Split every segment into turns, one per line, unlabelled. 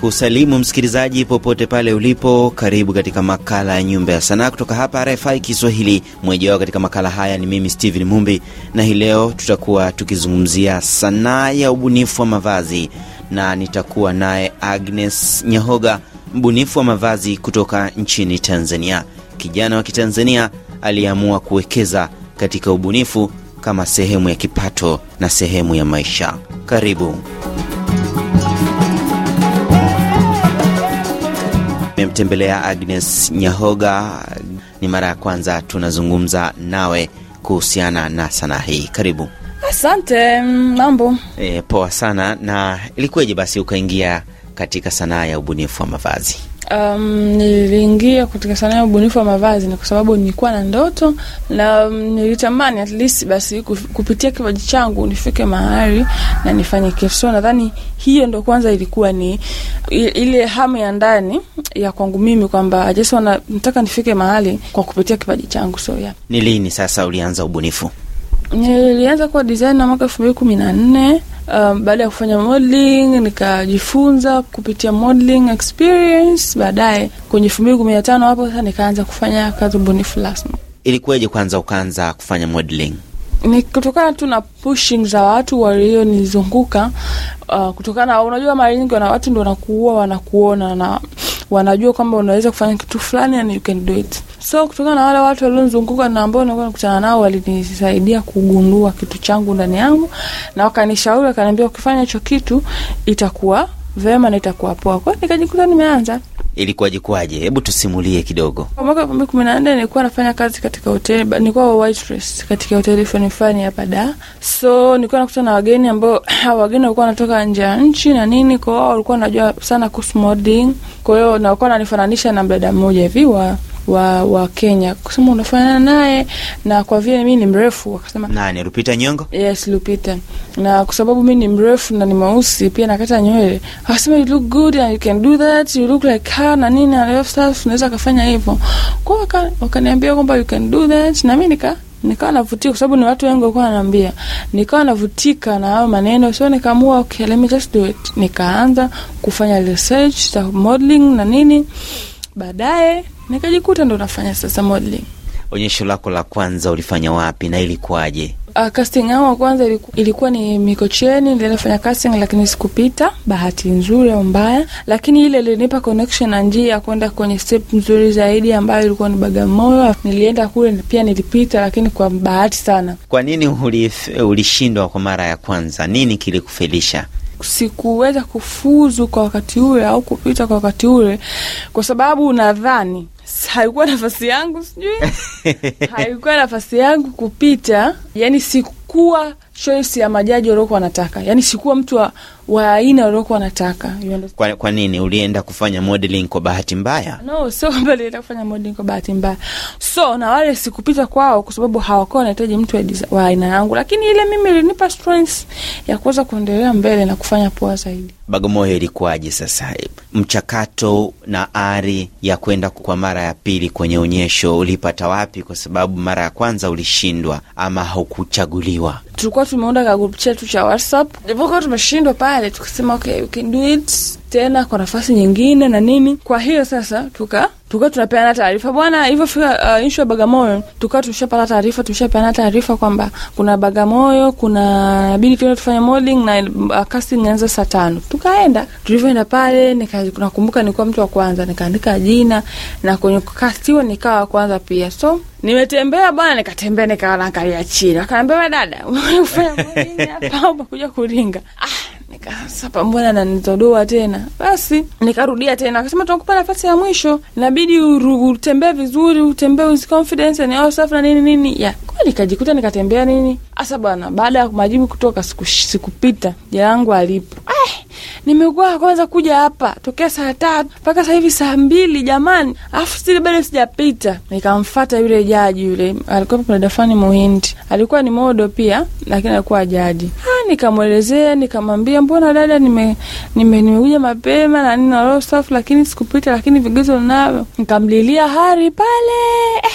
kusalimu msikilizaji popote pale ulipo. Karibu katika makala ya Nyumba ya Sanaa kutoka hapa RFI Kiswahili. Mweja wao katika makala haya ni mimi stehen Mumbi, na hii leo tutakuwa tukizungumzia sanaa ya ubunifu wa mavazi, na nitakuwa naye Agnes Nyahoga, mbunifu wa mavazi kutoka nchini Tanzania, kijana wa Kitanzania aliyeamua kuwekeza katika ubunifu kama sehemu ya kipato na sehemu ya maisha. Karibu. Nimemtembelea Agnes Nyahoga, ni mara ya kwanza tunazungumza nawe kuhusiana na sanaa hii. Karibu.
Asante. Mm, mambo?
E, poa sana. Na ilikuweje basi ukaingia katika sanaa ya ubunifu wa mavazi?
Um, niliingia katika sanaa ya ubunifu wa mavazi ni kwa sababu nilikuwa na ndoto na um, nilitamani at least basi kupitia kipaji changu nifike mahali na nifanye kitu. So nadhani hiyo ndo kwanza ilikuwa ni ile hamu ya ndani ya kwangu mimi kwamba just wana nataka nifike mahali kwa kupitia kipaji changu. So yeah.
Ni lini sasa ulianza ubunifu?
Nilianza kuwa designer mwaka elfu mbili kumi na nne um, baada ya kufanya modeling nikajifunza kupitia modeling experience. Baadaye kwenye elfu mbili kumi na tano hapo sasa nikaanza kufanya kazi ubunifu rasmi.
Ilikuwaje kwanza ukaanza kufanya modeling?
Ni kutokana tu na pushing za watu walionizunguka. Uh, kutokana unajua, mara nyingi na watu ndo wanakuua wanakuona na wanajua kwamba unaweza kufanya kitu fulani and you can do it. So kutokana na wale watu walionzunguka na ambao nilikuwa nakutana nao, walinisaidia kugundua kitu changu ndani yangu, na wakanishauri, wakaniambia ukifanya hicho kitu itakuwa vema na itakuwa poa. Kwa hiyo nikajikuta nimeanza
Ilikuwaje kwaje? Hebu tusimulie kidogo.
Kwa mwaka elfu mbili kumi na nne nilikuwa nafanya kazi katika hoteli, nilikuwa waitress katika hoteli fani fani hapa da, so nilikuwa nakutana na wageni ambao hawa wageni walikuwa wanatoka nje ya nchi na nini, kwa wao walikuwa wanajua sana kuhusu modeling, kwa hiyo na na mdada mmoja hivi wa wa, wa Kenya kusema unafanana naye, na kwa vile mimi ni mrefu akasema
nani, Lupita Nyong'o?
Yes, Lupita. Na kwa sababu mimi ni mrefu na ni mweusi pia, nakata nywele, akasema you look good and you can do that, you look like her na nini na love stuff, unaweza kufanya hivyo Kwa waka, Wakaniambia kwamba you can do that, na mimi nika nikawa navutika kwa sababu ni watu wengi walikuwa wananiambia, nikawa navutika na hayo maneno, so nikaamua okay, let me just do it. Nikaanza kufanya research za modeling na nini baadaye nikajikuta ndo nafanya sasa modeling.
Onyesho lako la kwanza ulifanya wapi na ilikuwaje?
Uh, casting yangu ya kwanza ilikuwa, ilikuwa ni Mikocheni. Nilifanya casting lakini sikupita, bahati nzuri au mbaya, lakini ile ilinipa connection na njia ya kwenda kwenye step nzuri zaidi ambayo ilikuwa ni Bagamoyo. Nilienda kule pia nilipita, lakini kwa bahati sana.
Kwa nini ulishindwa kwa mara ya kwanza? Nini kilikufelisha?
sikuweza kufuzu kwa wakati ule au kupita kwa wakati ule, kwa sababu nadhani haikuwa nafasi yangu, sijui
haikuwa
nafasi yangu kupita, yani siku sikuwa choice ya majaji waliokuwa wanataka, yani sikuwa mtu wa, wa aina waliokuwa wanataka.
Kwa, kwa nini ulienda kufanya modeling kwa bahati mbaya?
No, sio kwamba nilienda kufanya modeling kwa bahati mbaya. So na wale sikupita kwao kwa sababu hawakuwa wanahitaji mtu wa wa aina yangu, lakini ile mimi ilinipa strength ya kuweza kuendelea mbele na kufanya poa zaidi.
Bagamoyo ilikuwaje sasa, mchakato na ari ya kwenda kwa mara ya pili kwenye onyesho ulipata wapi? Kwa sababu mara ya kwanza ulishindwa ama haukuchaguliwa kufikiwa.
Tulikuwa tumeunda ka group chetu cha WhatsApp, ndipo tumeshindwa pale, tukasema okay, we can do it tena kwa nafasi nyingine na nini. Kwa hiyo sasa tuka tukawa tunapeana taarifa bwana, ilivyofika uh, inshu ya Bagamoyo, tukawa tushapata taarifa, tushapeana taarifa kwamba kuna Bagamoyo, kuna bidi tuende tufanye modeling na uh, casting inaanza saa tano. Tukaenda, tulivyoenda pale nakumbuka nikuwa mtu wa kwanza, nikaandika jina na kwenye kukastiwa nikawa wa kwanza pia, so nimetembea bwana, nikatembea nikawa nakalia chini, akaambia dada, umefanya
modeling hapa
umekuja kuringa ah Nikasapa mbona nanitodoa tena? Basi nikarudia tena, akasema tunakupa nafasi ya mwisho, inabidi utembee vizuri, utembee with confidence and safu na nini nini ya kwa. Nikajikuta nikatembea nini hasa bwana. Baada ya majibu kutoka, sikupita siku jina langu alipo nimekuwa kwanza kuja hapa tokea saa tatu mpaka saa hivi saa mbili jamani, afu stili bado sijapita. Nikamfata yule jaji yule, alikuwa kuna Dafani Muhindi, alikuwa ni modo pia, lakini alikuwa jaji. Ah, nikamwelezea, nikamwambia mbona dada, nimekuja nime, nime mapema na nini na staff, lakini sikupita, lakini vigezo ninavyo. Nikamlilia hari pale eh,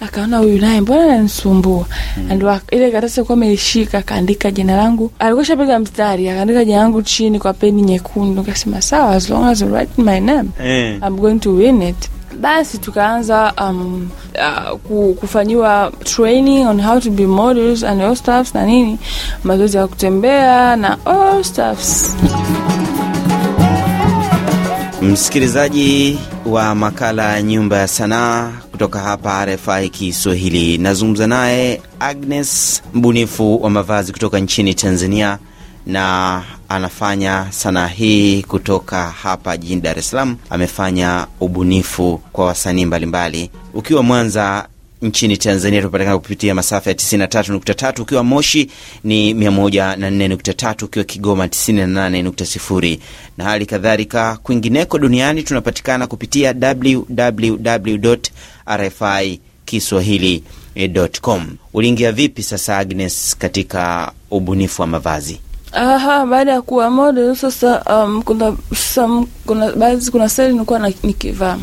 akaona huyu naye mbona ananisumbua, hmm. ndio ile karatasi alikuwa ameishika, akaandika jina langu, alikuwa shapiga mstari, akaandika jina langu chini kwa peni nyekundu. Nikasema sawa, as long as you write my name eh, I'm going to win it. Basi tukaanza um, uh, ku, kufanyiwa training on how to be models and all stuffs na nini, mazoezi ya kutembea na all stuffs.
Msikilizaji wa makala ya Nyumba ya Sanaa kutoka hapa RFI Kiswahili, nazungumza naye Agnes, mbunifu wa mavazi kutoka nchini Tanzania, na anafanya sanaa hii kutoka hapa jijini Dar es Salaam. Amefanya ubunifu kwa wasanii mbalimbali. Ukiwa Mwanza nchini Tanzania tunapatikana kupitia masafa ya 93.3, ukiwa Moshi ni 143 ukiwa Kigoma 98.0, na hali kadhalika kwingineko duniani tunapatikana kupitia www RFI kiswahili.com. Uliingia vipi sasa Agnes katika ubunifu wa mavazi?
Aha, baada ya kuwa model sasa, um, kuna some, kuna baadhi, kuna seli nilikuwa nikivaa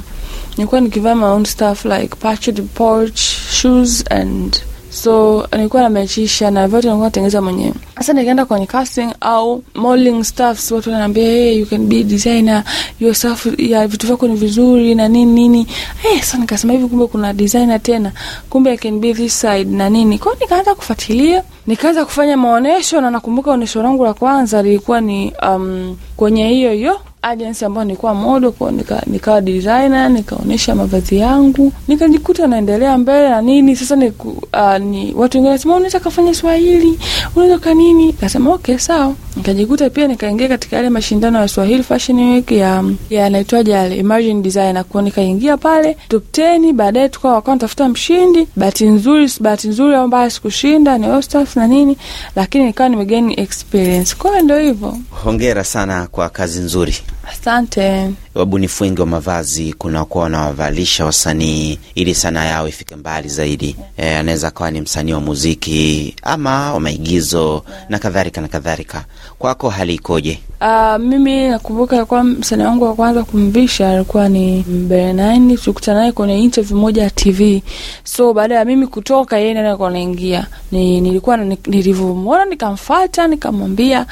nilikuwa nikivaa my own stuff like patched porch shoes and so nilikuwa namechisha na vyote nilikuwa natengeneza mwenyewe. Sasa nikaenda kwenye casting au modeling staffs, watu wananiambia hey, you can be designer your ya vitu vyako ni vizuri na nini nini. Eh, sasa nikasema hivi, kumbe kuna designer tena, kumbe I can be this side na nini. Kwa nikaanza kufuatilia, nikaanza kufanya maonesho, na nakumbuka onesho langu la kwanza lilikuwa ni um, kwenye hiyo hiyo agency ambayo nilikuwa modo kwao, nika, nikawa designer nikaonyesha mavazi yangu nikajikuta naendelea mbele na nini. Sasa ni, uh, ni watu wengine nasema unaweza kafanya Swahili unaweza ka nini, kasema okay sawa. Nikajikuta pia nikaingia katika yale mashindano ya Swahili Fashion Week ya yanaitwaje yale Emerging Designer, kwa nikaingia pale top 10. Baadaye tukawa wakawa natafuta mshindi, bahati nzuri bahati nzuri au mbaya sikushinda ni Ostaf na nini, lakini nikawa nimegain experience. Kwa hiyo ndio hivyo.
Hongera sana kwa kazi nzuri.
Asante
wabunifu wengi wa mavazi kunakuwa wanawavalisha wasanii ili sanaa yao ifike mbali zaidi. E, anaweza kawa ni msanii wa muziki ama wa maigizo na kadhalika na kadhalika. Kwako hali ikoje?
Uh, mimi nakumbuka kwa msanii wangu wa kwanza kumvisha alikuwa ni Bernaini, tulikutana naye kwenye interview moja ya TV. So baada ya mimi kutoka, yeye ndiye kwa naingia Ni, nilikuwa nilivyomwona nikamfata nikamwambia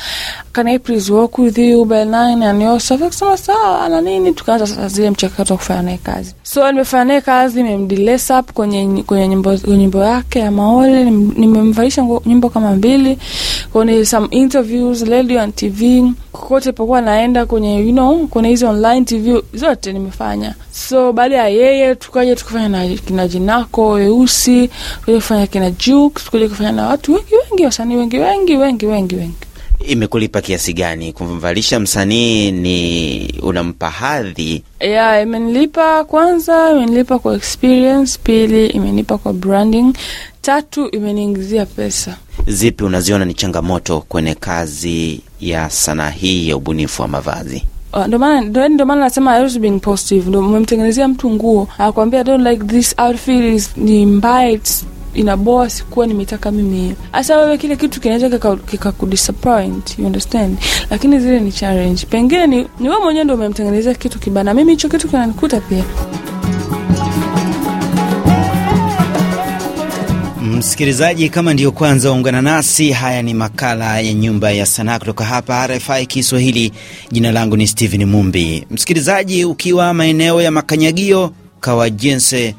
can I please work with you Bernaini, and yeye akasema sawa, anani nini, tukaanza sasa zile mchakato wa kufanya naye kazi. So nimefanya naye kazi, nimemdress up kwenye kwenye nyimbo nyimbo yake ya Maole, nimemvalisha nyimbo kama mbili kwenye some interviews radio and TV, kokote pokuwa naenda kwenye you know, kwenye hizi online TV zote nimefanya. So baada ya yeye tukaja tukafanya na kina Jinako Weusi, kuja kufanya kina juk kuja kufanya na watu wengi wengi, wasanii wengi wengi wengi wengi wengi
Imekulipa kiasi gani kumvalisha msanii? Ni unampa hadhi
ya? Yeah, Imenilipa kwanza, imenilipa kwa experience, pili imenipa kwa branding, tatu imeniingizia pesa.
Zipi unaziona ni changamoto kwenye kazi ya sanaa hii ya ubunifu wa mavazi?
Ah, ndio maana nasema being positive. Ndio mmemtengenezea mtu nguo, akwambia don't like this outfit ni mbaya, it's inaboa, sikuwa nimetaka mimi. Hasa wewe, kile kitu kinaweza kikakudisappoint, you understand, lakini zile ni challenge. Pengine ni, ni wewe mwenyewe ndio umemtengenezea kitu kibana. Mimi hicho kitu kinanikuta pia.
Msikilizaji, kama ndiyo kwanza waungana nasi, haya ni makala ya Nyumba ya Sanaa kutoka hapa RFI Kiswahili. Jina langu ni Steven Mumbi. Msikilizaji, ukiwa maeneo ya makanyagio, kawajense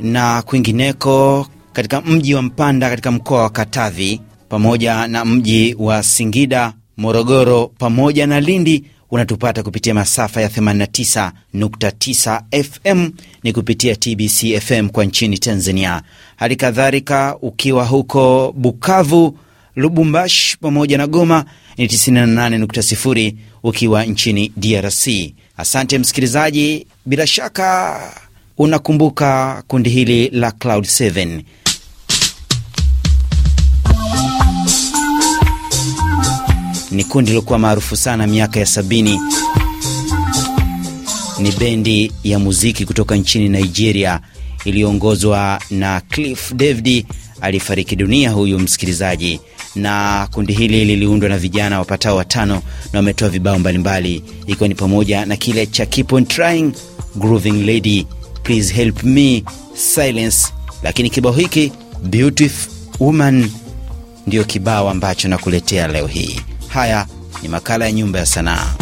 na kwingineko katika mji wa Mpanda katika mkoa wa Katavi pamoja na mji wa Singida, Morogoro pamoja na Lindi unatupata kupitia masafa ya 89.9 FM ni kupitia TBC FM kwa nchini Tanzania. Hali kadhalika ukiwa huko Bukavu, Lubumbashi pamoja na Goma ni 98.0 ukiwa nchini DRC. Asante msikilizaji, bila shaka unakumbuka kundi hili la Cloud 7. ni kundi lilokuwa maarufu sana miaka ya sabini. Ni bendi ya muziki kutoka nchini Nigeria iliyoongozwa na Cliff David aliyefariki dunia huyu msikilizaji, na kundi hili liliundwa na vijana wapatao watano na wametoa vibao mbalimbali, ikiwa ni pamoja na kile cha Keep on Trying, Grooving Lady, Please Help Me, Silence, lakini kibao hiki Beautiful Woman ndiyo kibao ambacho nakuletea leo hii. Haya ni makala ya Nyumba ya Sanaa.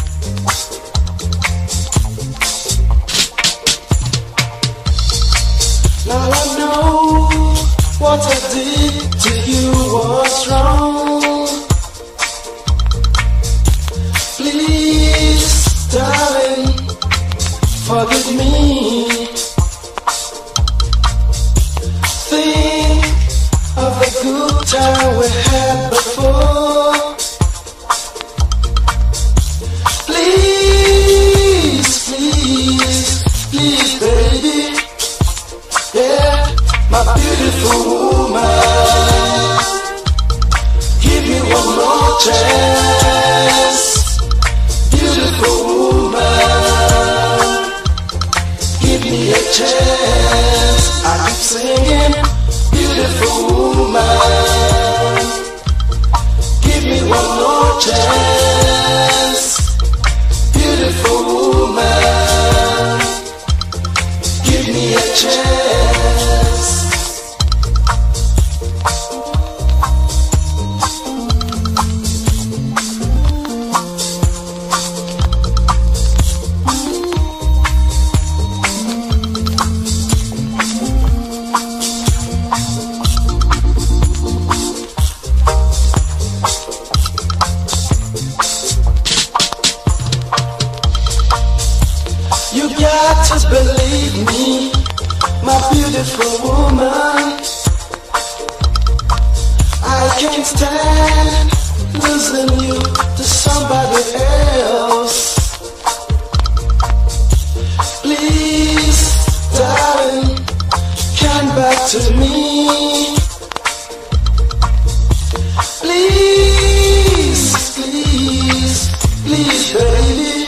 Yeah,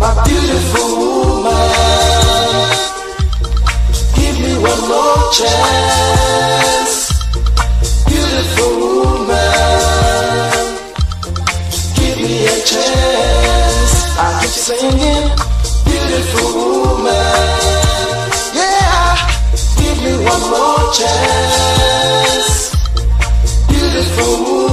my beautiful woman. Give me one more chance. Beautiful woman. Give me a chance. I keep singing. Beautiful woman. Yeah, give me one more chance. Beautiful woman.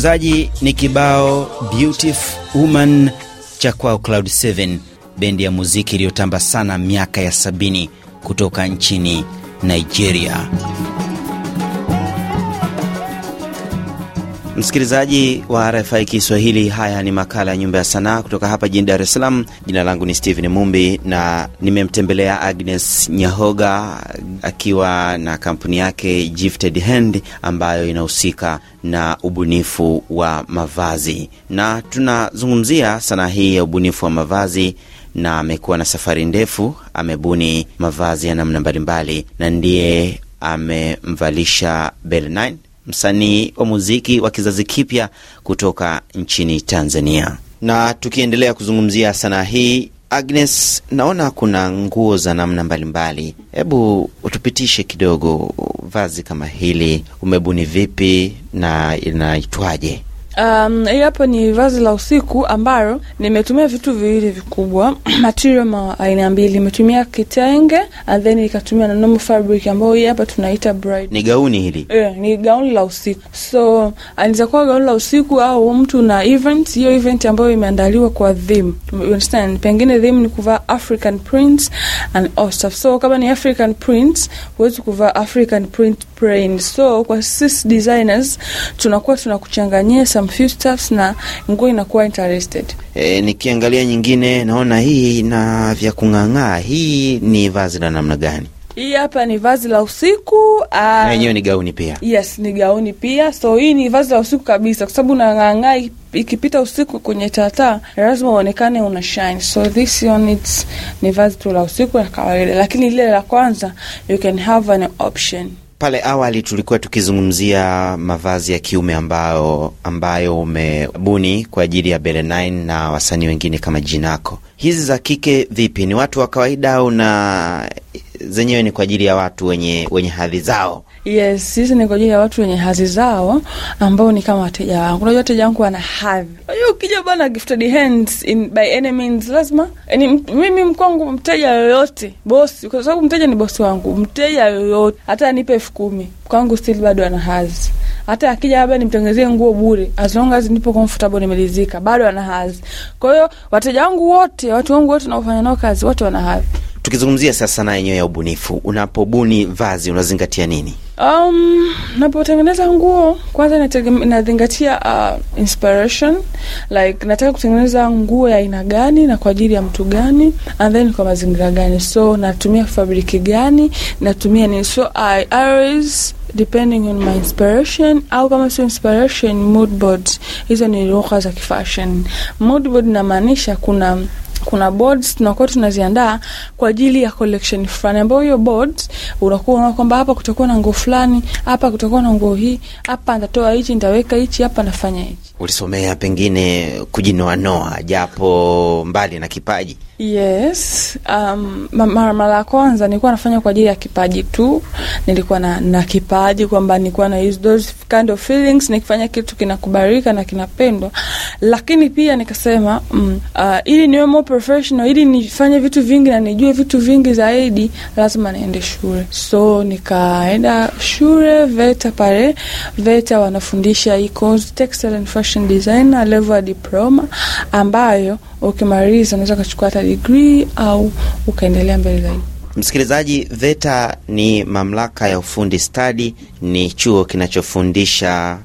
msikilizaji, ni kibao Beautiful Woman cha kwao Cloud 7, bendi ya muziki iliyotamba sana miaka ya sabini kutoka nchini Nigeria. Msikilizaji wa RFI Kiswahili, haya ni makala ya Nyumba ya Sanaa kutoka hapa jijini Dar es Salaam. Jina langu ni stephen Mumbi na nimemtembelea Agnes Nyahoga akiwa na kampuni yake Gifted Hand ambayo inahusika na ubunifu wa mavazi, na tunazungumzia sanaa hii ya ubunifu wa mavazi na amekuwa na safari ndefu. Amebuni mavazi ya namna mbalimbali na ndiye amemvalisha bel msanii wa muziki wa kizazi kipya kutoka nchini Tanzania. Na tukiendelea kuzungumzia sanaa hii, Agnes, naona kuna nguo za namna mbalimbali. Hebu utupitishe kidogo, vazi kama hili umebuni vipi na
inaitwaje? Um, hii hapo ni vazi la usiku ambayo nimetumia vitu viwili vikubwa material ma aina mbili, nimetumia kitenge and then nikatumia na normal fabric ambayo hii hapa tunaita bride.
Ni gauni hili
Eh, yeah, ni gauni la usiku, so anaweza kuwa gauni la usiku au mtu na event, hiyo event ambayo imeandaliwa kwa theme, you understand? Pengine theme ni kuvaa African prints and all stuff, so kama ni African prints huwezi kuvaa African print brain. So kwa sisi designers tunakuwa tunakuchanganyia some few stuffs na nguo inakuwa interested.
E, nikiangalia nyingine naona hii na vya kung'ang'aa. Hii ni vazi la namna gani?
Hii hapa ni vazi la usiku na ah, yenyewe
ni gauni pia.
Yes, ni gauni pia. So hii ni vazi la usiku kabisa, kwa sababu unang'ang'aa ikipita usiku kwenye tata lazima uonekane una shine. So this one it's ni vazi tu la usiku la kawaida, lakini lile la kwanza you can have an option
pale awali tulikuwa tukizungumzia mavazi ya kiume ambayo, ambayo umebuni kwa ajili ya Bele9 na wasanii wengine kama Jinako. Hizi za kike vipi, ni watu wa kawaida au na zenyewe ni kwa ajili ya watu wenye, wenye hadhi zao.
Yes, hizi ni kwa ajili ya watu wenye hadhi zao ambao ni kama wateja wangu. Unajua wateja wangu wana hadhi. Unajua ukija bana gifted hands in by any means lazima yani, mimi mkwangu mteja yoyote bosi, kwa sababu mteja ni bosi wangu, mteja yoyote hata anipe elfu kumi mkwangu still bado ana hadhi hata akija labda nimtengezee nguo bure, as long as nipo comfortable, nimelizika, bado ana hadhi. Kwa hiyo wateja wangu wote, watu wangu wote naofanya nao kazi wote wana hadhi.
Tukizungumzia sasa sanaa yenyewe ya ubunifu, unapobuni vazi unazingatia nini?
Um, napotengeneza nguo kwanza nazingatia uh, inspiration like nataka kutengeneza nguo ya aina gani na kwa ajili ya mtu gani and then kwa mazingira gani, so natumia fabriki gani, natumia nini, so I always depending on my inspiration au kama sio inspiration, mood board. Hizo ni lugha za kifashion. Mood board inamaanisha kuna kuna boards tunakuwa tunaziandaa kwa ajili ya collection fulani, ambayo hiyo boards unakuwa unaona kwamba hapa kutakuwa na nguo fulani, hapa kutakuwa na nguo hii, hapa nitatoa hichi, nitaweka hichi, hapa nafanya hichi.
Ulisomea pengine kujinoanoa, japo mbali na kipaji?
Yes, um, mara mara ya kwanza nilikuwa nafanya kwa ajili ya kipaji tu, nilikuwa na, na kipaji kwamba nilikuwa na use those kind of feelings, nikifanya kitu kinakubalika na kinapendwa, lakini pia nikasema mm, uh, ili niwe professional ili nifanye vitu vingi na nijue vitu vingi zaidi, lazima niende shule. So nikaenda shule VETA, pale VETA wanafundisha hii diploma, ambayo ukimaliza unaweza ukachukua hata degree au ukaendelea mbele zaidi.
Msikilizaji, VETA ni mamlaka ya ufundi stadi, ni chuo kinachofundisha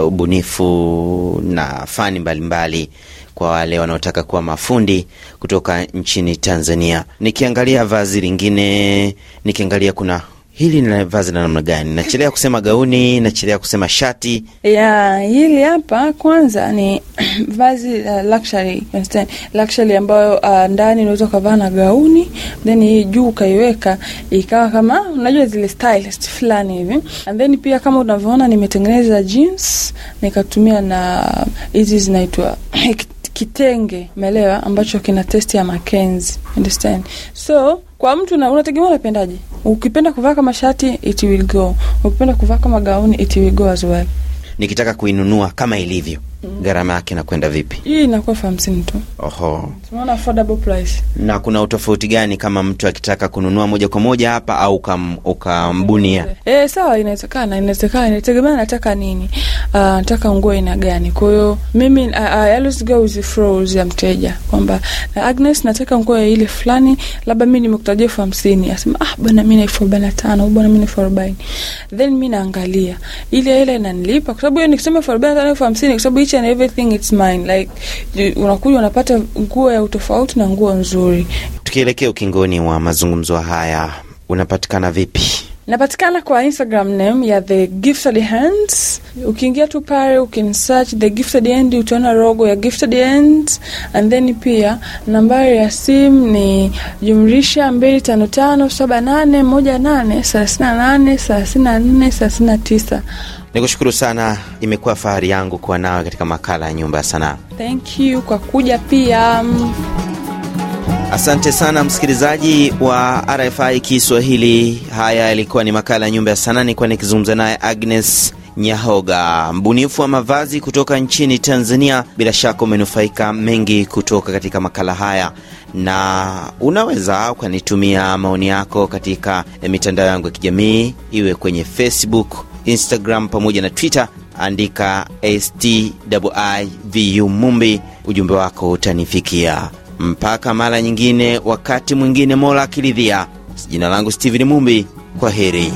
uh, ubunifu uh, na fani mbalimbali mbali kwa wale wanaotaka kuwa mafundi kutoka nchini Tanzania. Nikiangalia vazi lingine, nikiangalia kuna hili ni vazi la namna gani? Nachelea kusema gauni, nachelea kusema shati
ya hili hapa. Kwanza ni vazi la uh, luxury, understand luxury, ambayo uh, ndani unaweza ukavaa na gauni, then hii juu ukaiweka ikawa kama unajua zile stylist fulani hivi. And then pia kama unavyoona nimetengeneza jeans nikatumia na hizi zinaitwa kitenge, umeelewa, ambacho kina testi ya Makenzi, understand? So kwa mtu unategemea unapendaje. Ukipenda kuvaa kama shati it will go, ukipenda kuvaa kama gauni it will go as well.
Nikitaka kuinunua kama ilivyo gharama yake inakwenda vipi?
Hii inakuwa elfu hamsini tu. Oho, tunaona affordable price.
Na kuna utofauti gani kama mtu akitaka kununua moja kwa moja hapa au ukambunia?
E, eh, sawa, inawezekana, inawezekana, inategemea nataka nini. Uh, nataka nguo ina gani? Kwa hiyo mimi uh, go with the flows ya mteja kwamba uh, Agnes, nataka nguo ya ile fulani, labda mi nimekutajia elfu hamsini asema ah, bwana mi na elfu arobaini na tano bwana mi na elfu arobaini then mi naangalia ile ile inanilipa, kwa sababu hiyo nikisema elfu arobaini na tano elfu hamsini kwa sababu each and everything it's mine like, unakuja unapata nguo ya utofauti na nguo nzuri.
Tukielekea ukingoni wa mazungumzo haya, unapatikana vipi?
Napatikana kwa Instagram name ya The Gifted Hands. Ukiingia tu pale ukinisearch The Gifted Hand utaona rogo ya Gifted Hands, and then pia nambari ya simu ni jumlisha 255 7818 38 34 39.
Nikushukuru sana, imekuwa fahari yangu kuwa nawe katika makala ya Nyumba ya Sanaa.
Thank you kwa kuja pia.
Asante sana msikilizaji wa RFI Kiswahili. Haya yalikuwa ni makala ya Nyumba ya Sanaa, nikuwa nikizungumza naye Agnes Nyahoga, mbunifu wa mavazi kutoka nchini Tanzania. Bila shaka umenufaika mengi kutoka katika makala haya, na unaweza ukanitumia maoni yako katika mitandao yangu ya kijamii, iwe kwenye Facebook Instagram pamoja na Twitter, andika Stivu Mumbi, ujumbe wako utanifikia. Mpaka mara nyingine, wakati mwingine, Mola akiridhia. Jina langu stephen Mumbi, kwa heri.